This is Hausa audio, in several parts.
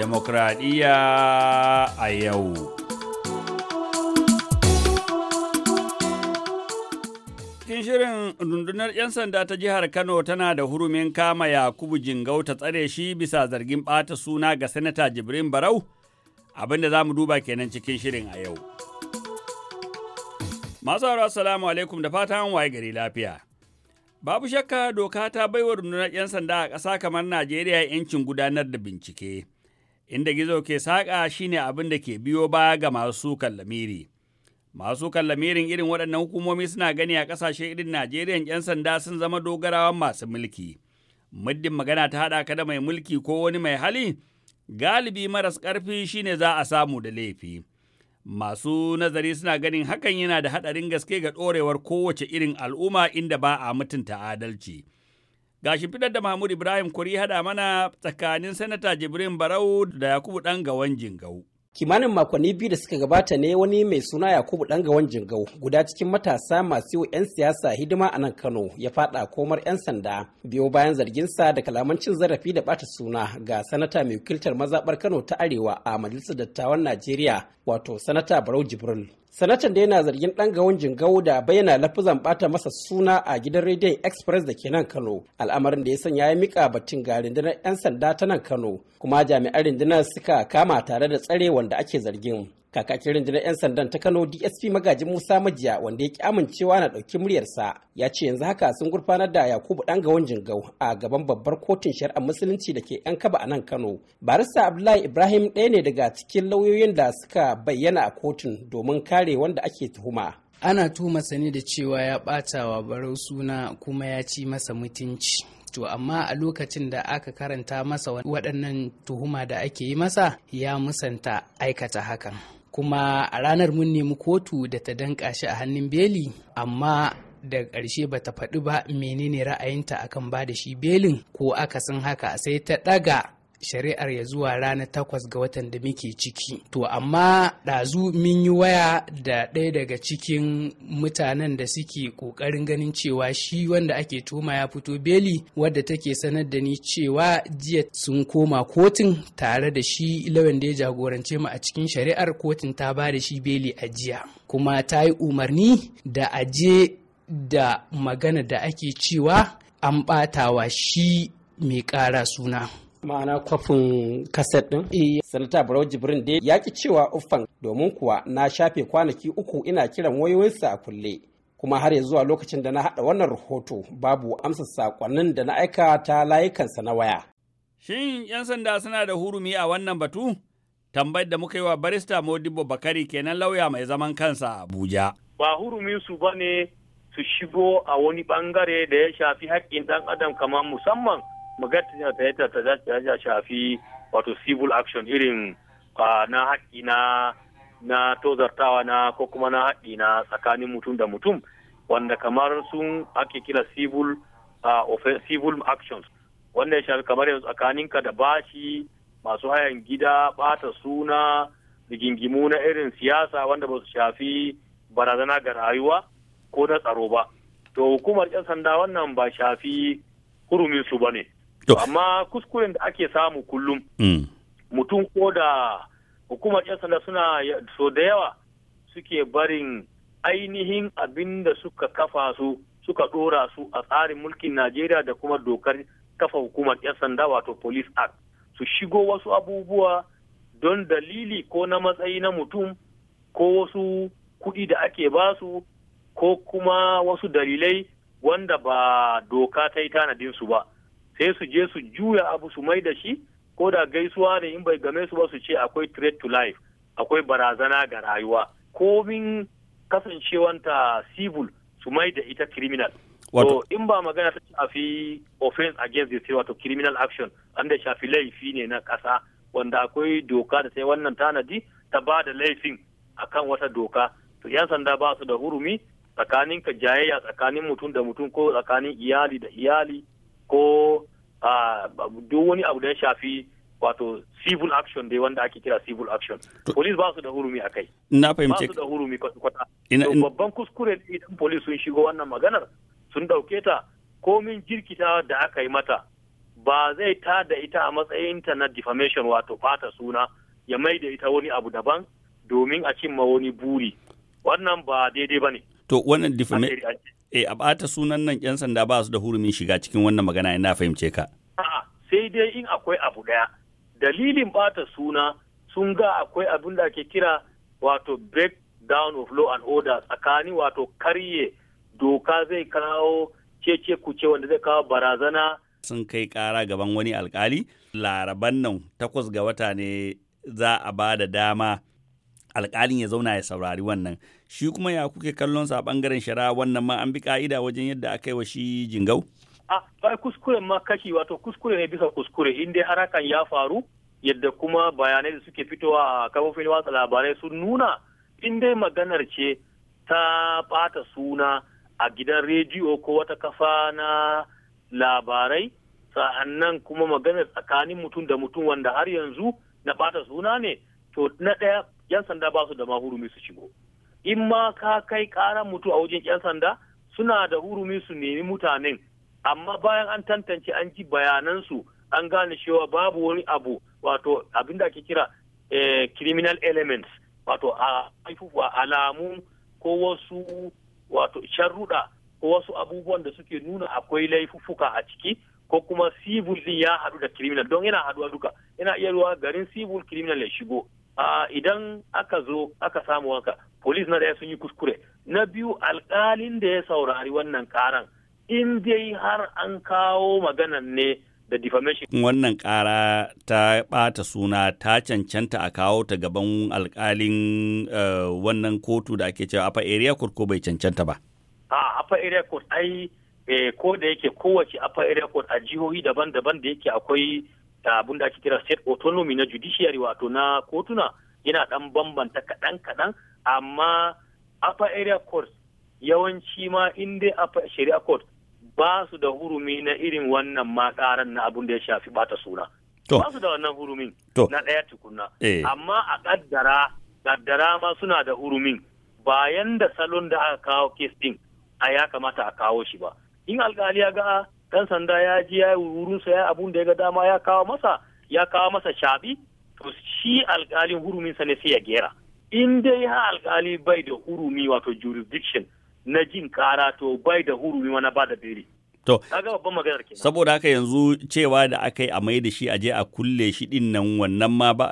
demokradiyya a yau. Cikin shirin rundunar 'yan sanda ta jihar Kano tana da hurumin kama Yakubu Jingau ta tsare shi bisa zargin ɓata suna ga Sanata Jibrin Barau, abinda za mu duba kenan cikin shirin a yau. Masu haro assalamu alaikum da fatan waye gari lafiya. Babu shakka doka ta baiwa rundunar 'yan sanda a ƙasa kamar Najeriya 'yancin gudanar da bincike. inda gizo ke saƙa shi ne abin da ke biyo ba ga masu kallamiri. Masu kallamirin irin waɗannan hukumomi suna gani a ƙasashe irin Najeriya 'yan sanda sun zama dogarawan masu mulki. Muddin magana ta haɗa ka da mai mulki ko wani mai hali, galibi maras ƙarfi shi ne za a samu da laifi. Masu nazari suna ganin hakan yana da haɗarin gaske ga ɗorewar kowace irin al'umma inda ba a mutunta adalci. Ga shi fitar da Mahmud Ibrahim Kuri hada mana tsakanin Sanata Jibrin Barau da Yakubu ɗan gawan Jingau. Kimanin makonni biyu da suka gabata ne wani mai suna Yakubu ɗan gawan Jingau guda cikin matasa masu yi 'yan siyasa hidima a nan Kano ya faɗa komar 'yan sanda biyo bayan zarginsa da kalaman cin zarafi da bata suna ga sanata mai wakiltar mazaɓar Kano ta Arewa a Majalisar Dattawan Najeriya wato sanata Barau Jibril. sanatan da yana zargin ɗan gawon jingau da bayyana lafuzan bata masa suna a gidan rediyon express da ke nan kano al'amarin da ya sanya ya mika batun ga rindunar 'yan sanda ta nan kano kuma jami'an rundunar suka kama tare da tsare wanda ake zargin kakakin rundunar 'yan sandan ta kano dsp magajin musa majiya wanda ya ki amincewa na ɗauki muryarsa ya ce yanzu haka sun gurfanar da yakubu ɗan gawon jingau a gaban babbar kotun shari'ar musulunci da ke yan kaba a nan kano barista abdullahi ibrahim ɗaya ne daga cikin lauyoyin da suka bayyana a kotun domin kare wanda ake tuhuma ana tuhuma sani da cewa ya ɓata wa barau suna kuma ya ci masa mutunci to amma a lokacin da aka karanta masa waɗannan tuhuma da ake yi masa ya musanta aikata hakan kuma a ranar mun nemi kotu da ta danƙa shi a hannun beli amma da ƙarshe ba ta faɗi ba menene ra'ayinta akan ba da shi belin ko akasin haka sai ta ɗaga shari'ar ya zuwa rana takwas ga watan da muke ciki to amma ɗazu mun yi waya da ɗaya daga cikin mutanen da suke ƙoƙarin ganin cewa shi wanda ake tuma ya fito beli wadda take sanar da ni cewa jiya sun koma kotun tare da shi lawan da ya jagorance mu a cikin shari'ar kotun ta ba da shi beli a jiya kuma ta yi umarni da aje da magana da ake cewa an ɓatawa shi mai ƙara suna ma'ana kwafin kaset din eh sanata barau jibrin dai ya ki cewa uffan domin kuwa na shafe kwanaki uku ina kiran wayoyinsa a kulle kuma har ya zuwa lokacin da na haɗa wannan rahoto babu amsa saƙonnin da na aika ta layukansa na waya shin 'yan sanda suna da hurumi a wannan batu tambayar da muka yi wa barista modibo bakari kenan lauya mai zaman kansa abuja ba hurumin su bane su shigo a wani bangare da ya shafi haƙƙin ɗan adam kamar musamman ne ta yadda ta ya shafi wato civil action irin na haƙƙi na na tozartawa na ko kuma na haƙƙi na tsakanin mutum da mutum wanda kamar sun ake kira civil civil actions wanda ya shafi kamar yanzu tsakaninka da bashi masu hayan gida bata suna rigingimu na irin siyasa wanda ba su shafi barazana ga rayuwa ko na tsaro ba to hukumar 'yan sanda wannan ba shafi hurumin su ba ne amma kuskuren da ake samu kullum mm. mutum ko da hukumar 'yan sanda suna so da yawa suke barin ainihin abin da suka kafa su suka dora su a tsarin mulkin najeriya da kuma dokar kafa hukumar 'yan sanda wato police act su shigo wasu abubuwa don dalili ko na matsayi na mutum ko wasu kuɗi da ake basu ko kuma wasu dalilai wanda ba doka ta yi tanadinsu ba sai su je su juya abu su mai da shi ko da gaisuwa ne in bai game su ba su ce akwai threat to life akwai barazana ga rayuwa komin kasancewanta civil su mai da ita criminal wato in ba magana ta shafi offense against the state wato criminal action wanda shafi laifi ne na kasa wanda akwai doka da sai wannan tanadi ta ba da laifin akan wata doka to yan sanda ba su da hurumi tsakanin ka jayayya tsakanin mutum da mutum ko tsakanin iyali da iyali ko ah, duk wani abu da ya shafi wato civil action dai wanda ake kira civil action police ba su da hurumi a kai na fahimce ba su da hurumi kwata-kwata babban kuskure ne idan police sun shigo wannan maganar sun dauke ta komin jirkita da aka yi mata ba zai ta da ita a matsayin ta na defamation wato fata suna ya mai da ita wani abu daban domin a cimma wani buri wannan ba daidai ba ne to wannan eh a bata sunan nan yan sanda ba su da hurumin shiga cikin wannan magana ina fahimce ka a'a sai dai in akwai abu ɗaya dalilin ɓata suna sun ga akwai abin da ake kira wato break down of law and order tsakanin wato karye doka zai kawo cece kuce wanda zai kawo barazana sun kai kara gaban wani alkali laraban nan takwas ga wata ne za a ba da dama alƙalin ya zauna ya saurari wannan shi kuma ya kuke kallon sa a bangaren shari'a wannan ma an bi ka'ida wajen yadda aka yi wa shi jingau a bai kuskuren ma kashi wato kuskure ne bisa kuskure in dai harakan ya faru yadda kuma bayanai da suke fitowa a kafofin watsa labarai sun nuna in dai maganar ce ta ɓata suna a gidan rediyo ko wata kafa na labarai sa'annan kuma maganar tsakanin mutum da mutum wanda har yanzu na bata suna ne to na ɗaya yan sanda ba su da ma hurumi su shigo in ma ka kai karan mutu a wajen yan sanda suna da hurumi su nemi mutanen amma bayan an tantance an ji bayanansu an gane cewa babu wani abu wato abin da ake kira eh, criminal elements wato a alamu ko wasu wato sharruɗa ko wasu abubuwan da suke nuna akwai laifufuka a ciki ko kuma civil din ya haɗu da criminal don yana haɗuwa duka yana iya ruwa garin civil criminal ya shigo idan aka zo aka samu wanka polis na daya sun yi kuskure na biyu alkalin da ya saurari wannan karan in dai har an kawo maganan ne da defamation. Wannan kara ta bata suna ta cancanta a kawo ta gaban alƙalin eh, wannan kotu da ake cewa apa area court ko bai cancanta ba. A apa area court ai eh, ko da yake kowace apa area court a jihohi daban-daban da yake akwai abin da ake kira state autonomy na judiciary wato na kotuna yana dan bambanta kaɗan kaɗan amma upper area court yawanci ma in dai upper shari'a court ba su da hurumi na irin wannan makaran na abin da ya shafi bata suna ba su da wannan hurumin na ɗaya tukunna eh. amma a ƙaddara ƙaddara ma suna da hurumin bayan da salon da aka kawo kes ɗin a ya kamata a kawo shi ba in alƙali ya ga dan sanda ya ji ya wurinsa ya abun da ya ga dama ya kawo masa ya kawo masa shabi to shi alkalin huruminsa ne sai ya gera in dai ha alkali bai da hurumi wato jurisdiction na jin kara to bai da hurumi wani ba da bere To, saboda haka yanzu cewa da aka yi a mai da shi a je a kulle shi din nan wannan ma ba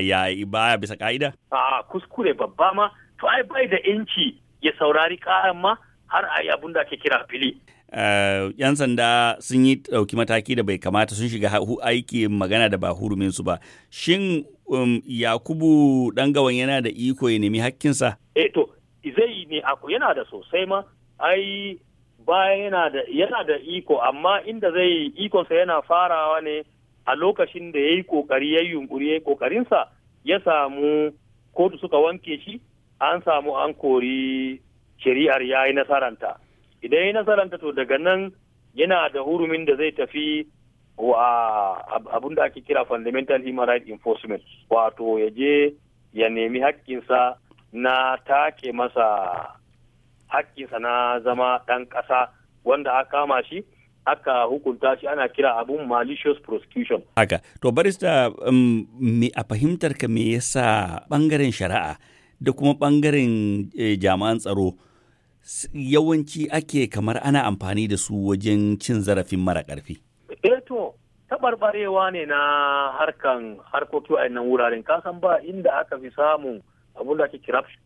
ya baya bisa ka'ida? A kuskure babba ma, to ai bai da inci ya saurari karan ma har a yi abin da ake kira fili. Eh, 'yan sanda sun yi ɗauki mataki da bai kamata sun shiga aiki magana da ba hurumin su ba shin um, yakubu ɗangawan yana da iko ya nemi hakkinsa eh to zai ne ako yana da sosai ma ai ba yana da iko amma inda zai ikonsa yana farawa ne a lokacin da ya yi kokari ya yi yunkuri ya yi kokarinsa ya samu kotu suka wanke shi an samu an kori shari'ar ya yi nasaranta idan ya nasaranta to daga nan yana da hurumin da zai tafi abun da ake kira fundamental human rights enforcement wato ya je ya nemi haƙƙinsa na take masa haƙƙinsa na zama ɗan ƙasa wanda aka kama shi aka hukunta shi ana kira abun malicious prosecution. Haka, to barista um, a fahimtar ka me yasa ɓangaren shari'a da kuma ɓangaren eh, jami'an tsaro yawanci ake kamar ana amfani da su wajen cin zarafin mara ƙarfi? Eto, eh taɓarɓarewa ne na harkan harkoki a nan wuraren kasan ba inda aka fi samun abin da ake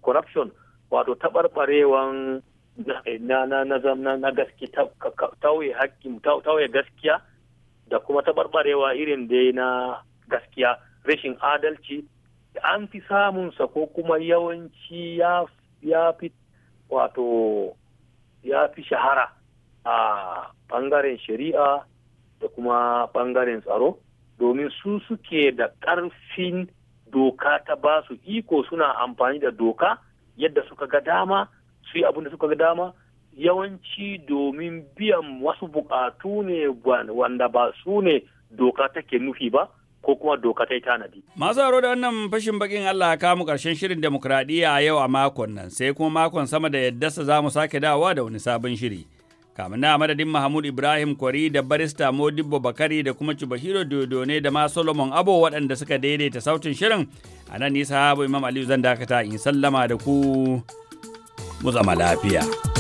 corruption wato taɓarɓarewan na na na na na gaske gaskiya gaskiya da kuma taɓarɓarewa irin dai na gaskiya rashin adalci an fi samunsa ko kuma yawanci ya fi wato ya fi shahara a ɓangaren shari'a da kuma ɓangaren tsaro domin su suke da ƙarfin doka ta ba su iko suna amfani da doka yadda suka ga dama su yi abin da suka ga dama yawanci domin biyan wasu buƙatu ne wanda ba su ne doka take nufi ba ko kuma doka ta yi tanadi. Masu haro da wannan fashin bakin Allah ka kamu karshen shirin demokradiyya a yau a makon nan sai kuma makon sama da sa za mu sake dawowa da wani sabon shiri. Kamun na madadin Mahmud Ibrahim Kwari da barista Modibbo Bakari da kuma Cibahiro Dodo ne da ma Solomon Abo waɗanda suka daidaita sautin shirin a nan nisa Imam Aliyu zan dakata in sallama da ku mu zama lafiya.